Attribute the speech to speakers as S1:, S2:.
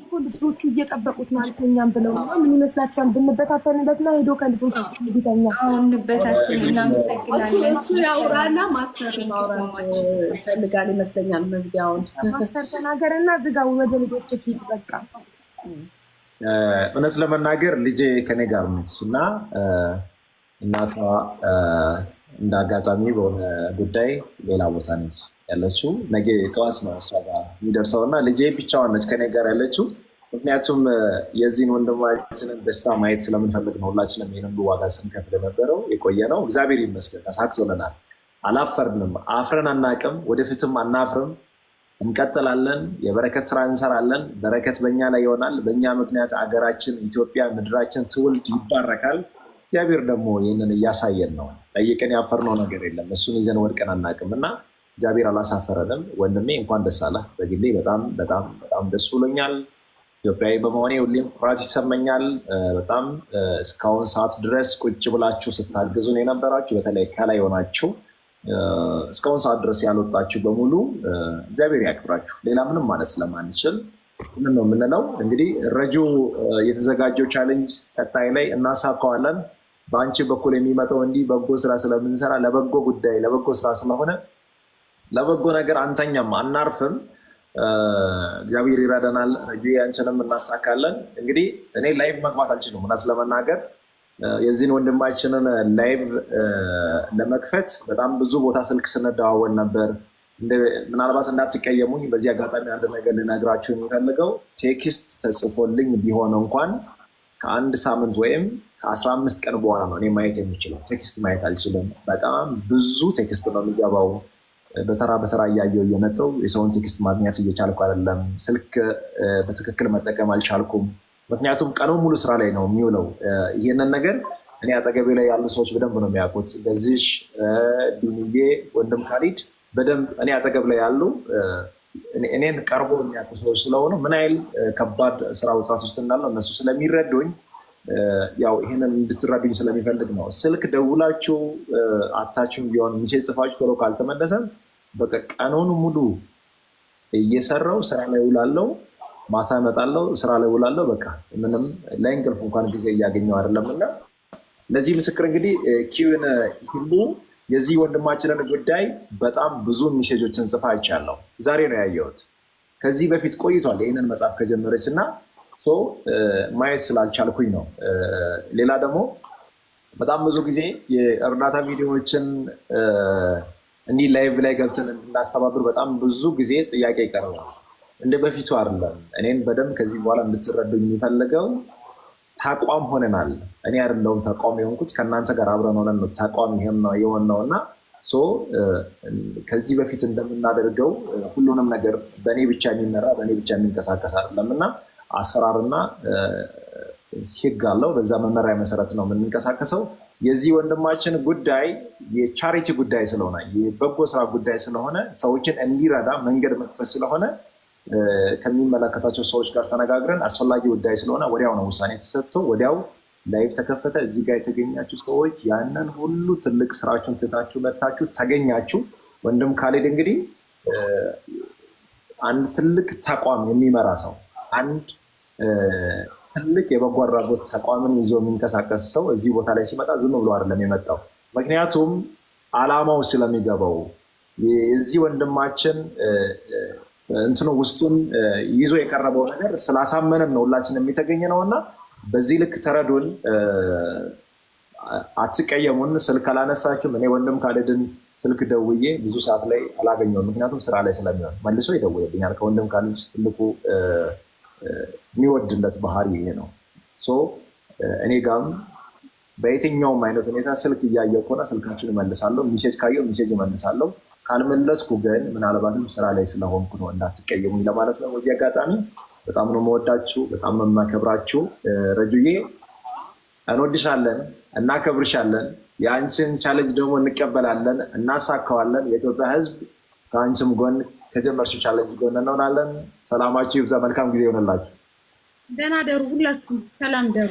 S1: እኮ ልጆቹ እየጠበቁት ነው አልተኛም ብለው ምን ይመስላችኋል? ብንበታተንበት ና ሄዶ ከልጆቹ ቢተኛ ያውራና ማስተር ይመስለኛል። መዝጊያውን ማስተር ተናገር እና ዝጋው ወደ ልጆች ፊት በቃ እውነት ለመናገር ልጄ ከኔ ጋር ነች እና እናቷ እንደ አጋጣሚ በሆነ ጉዳይ ሌላ ቦታ ነች ያለችው። ነገ ጠዋት ነው እሷ ጋር የሚደርሰው እና ልጄ ብቻዋን ነች ከኔ ጋር ያለችው። ምክንያቱም የዚህን ወንድማችንን ደስታ ማየት ስለምንፈልግ ነው። ሁላችንም ይህንን ዋጋ ስንከፍል የነበረው የቆየ ነው። እግዚአብሔር ይመስገን ተሳክቶልናል። አላፈርንም፣ አፍረን አናቅም፣ ወደፊትም አናፍርም። እንቀጥላለን። የበረከት ስራ እንሰራለን። በረከት በኛ ላይ ይሆናል። በእኛ ምክንያት አገራችን ኢትዮጵያ፣ ምድራችን፣ ትውልድ ይባረካል። እግዚአብሔር ደግሞ ይህንን እያሳየን ነው። ጠይቀን ያፈርነው ነገር የለም። እሱን ይዘን ወድቀን አናቅም እና እግዚአብሔር አላሳፈረንም። ወንድሜ እንኳን ደስ አለህ። በግሌ በጣም በጣም በጣም ደስ ብሎኛል። ኢትዮጵያዊ በመሆኔ ሁሌም ኩራት ይሰመኛል በጣም እስካሁን ሰዓት ድረስ ቁጭ ብላችሁ ነው የነበራችሁ በተለይ ከላይ ሆናችሁ እስካሁን ሰዓት ድረስ ያልወጣችሁ በሙሉ እግዚአብሔር ያክብራችሁ። ሌላ ምንም ማለት ስለማንችል ምን ነው የምንለው እንግዲህ ረጁ የተዘጋጀው ቻሌንጅ ቀጣይ ላይ እናሳካዋለን። በአንቺ በኩል የሚመጣው እንዲህ በጎ ስራ ስለምንሰራ ለበጎ ጉዳይ ለበጎ ስራ ስለሆነ ለበጎ ነገር አንተኛም፣ አናርፍም። እግዚአብሔር ይረዳናል ረጂ አንችንም እናሳካለን። እንግዲህ እኔ ላይቭ መግባት አልችልም፣ እውነት ለመናገር የዚህን ወንድማችንን ላይቭ ለመክፈት በጣም ብዙ ቦታ ስልክ ስንደዋወል ነበር። ምናልባት እንዳትቀየሙኝ በዚህ አጋጣሚ አንድ ነገር ልነግራችሁ የሚፈልገው ቴክስት ተጽፎልኝ ቢሆን እንኳን ከአንድ ሳምንት ወይም ከአስራ አምስት ቀን በኋላ ነው እኔ ማየት የሚችለው። ቴክስት ማየት አልችልም። በጣም ብዙ ቴክስት ነው የሚገባው በተራ በተራ እያየው እየመጠው የሰውን ቴክስት ማግኘት እየቻልኩ አይደለም። ስልክ በትክክል መጠቀም አልቻልኩም። ምክንያቱም ቀኑ ሙሉ ስራ ላይ ነው የሚውለው። ይህንን ነገር እኔ አጠገቤ ላይ ያሉ ሰዎች በደንብ ነው የሚያውቁት። በዚሽ ዱንዬ ወንድም ካሊድ በደንብ እኔ አጠገብ ላይ ያሉ እኔን ቀርቦ የሚያውቁ ሰዎች ስለሆኑ ምን ያህል ከባድ ስራ ውጥረት ውስጥ እንዳለው እነሱ ስለሚረዱኝ ያው ይህንን እንድትረዱኝ ስለሚፈልግ ነው። ስልክ ደውላችሁ አታችሁ ቢሆን ሚሴ ጽፋችሁ ቶሎ ካልተመለሰም በቃ ቀኑን ሙሉ እየሰራው ስራ ላይ ውላለው፣ ማታ እመጣለው፣ ስራ ላይ ውላለው። በቃ ምንም ለእንቅልፍ እንኳን ጊዜ እያገኘው አይደለም። እና ለዚህ ምስክር እንግዲህ ኪዩን ሁሉ የዚህ ወንድማችንን ጉዳይ በጣም ብዙ ሚሴጆችን ጽፋ አይቻለው። ዛሬ ነው ያየሁት። ከዚህ በፊት ቆይቷል ይህንን መጽሐፍ ከጀመረች እና ማየት ስላልቻልኩኝ ነው። ሌላ ደግሞ በጣም ብዙ ጊዜ የእርዳታ ቪዲዮዎችን እንዲህ ላይቭ ላይ ገብተን እንድናስተባብር በጣም ብዙ ጊዜ ጥያቄ ይቀርባል። እንደ በፊቱ አይደለም። እኔን በደንብ ከዚህ በኋላ እንድትረዱ የሚፈልገው ተቋም ሆነናል። እኔ አይደለሁም ተቋም የሆንኩት ከእናንተ ጋር አብረን ሆነን ነው ተቋም ይሄም ነው እና ከዚህ በፊት እንደምናደርገው ሁሉንም ነገር በእኔ ብቻ የሚመራ በእኔ ብቻ የሚንቀሳቀስ አይደለም እና አሰራርና ህግ አለው። በዛ መመሪያ መሰረት ነው የምንንቀሳቀሰው። የዚህ ወንድማችን ጉዳይ የቻሪቲ ጉዳይ ስለሆነ የበጎ ስራ ጉዳይ ስለሆነ ሰዎችን እንዲረዳ መንገድ መክፈት ስለሆነ ከሚመለከታቸው ሰዎች ጋር ተነጋግረን አስፈላጊ ጉዳይ ስለሆነ ወዲያው ነው ውሳኔ ተሰጥቶ ወዲያው ላይፍ ተከፈተ። እዚህ ጋር የተገኛችሁ ሰዎች ያንን ሁሉ ትልቅ ስራችሁን ትታችሁ መታችሁ ተገኛችሁ። ወንድም ካሌድ እንግዲህ አንድ ትልቅ ተቋም የሚመራ ሰው አንድ ትልቅ የበጎ አድራጎት ተቋምን ይዞ የሚንቀሳቀስ ሰው እዚህ ቦታ ላይ ሲመጣ ዝም ብሎ አይደለም የመጣው። ምክንያቱም አላማው ስለሚገባው እዚህ ወንድማችን እንትኑ ውስጡን ይዞ የቀረበው ነገር ስላሳመንን ነው ሁላችን የሚተገኝ ነው እና በዚህ ልክ ተረዱን፣ አትቀየሙን። ስልክ አላነሳችሁም። እኔ ወንድም ካልድን ስልክ ደውዬ ብዙ ሰዓት ላይ አላገኘውም፣ ምክንያቱም ስራ ላይ ስለሚሆን መልሶ ይደውልብኛል። ከወንድም ካልድ ትልቁ የሚወድለት ባህሪ ይሄ ነው። እኔ ጋም በየትኛውም አይነት ሁኔታ ስልክ እያየሁ ከሆነ ስልካችን እመልሳለሁ። ሚሴጅ ካየው ሚሴጅ እመልሳለሁ። ካልመለስኩ ግን ምናልባትም ስራ ላይ ስለሆንኩ ነው እንዳትቀየሙኝ ለማለት ነው። በዚህ አጋጣሚ በጣም ነው መወዳችሁ፣ በጣም መማከብራችሁ። ረጁዬ እንወድሻለን፣ እናከብርሻለን። የአንችን ቻሌንጅ ደግሞ እንቀበላለን፣ እናሳካዋለን። የኢትዮጵያ ሕዝብ ከአንችም ጎን ከጀመርሽው ቻለንጅ ጎን እንሆናለን። ሰላማችሁ ይብዛ። መልካም ጊዜ ይሆንላችሁ። ደህና ደሩ። ሁላችሁም ሰላም ደሩ።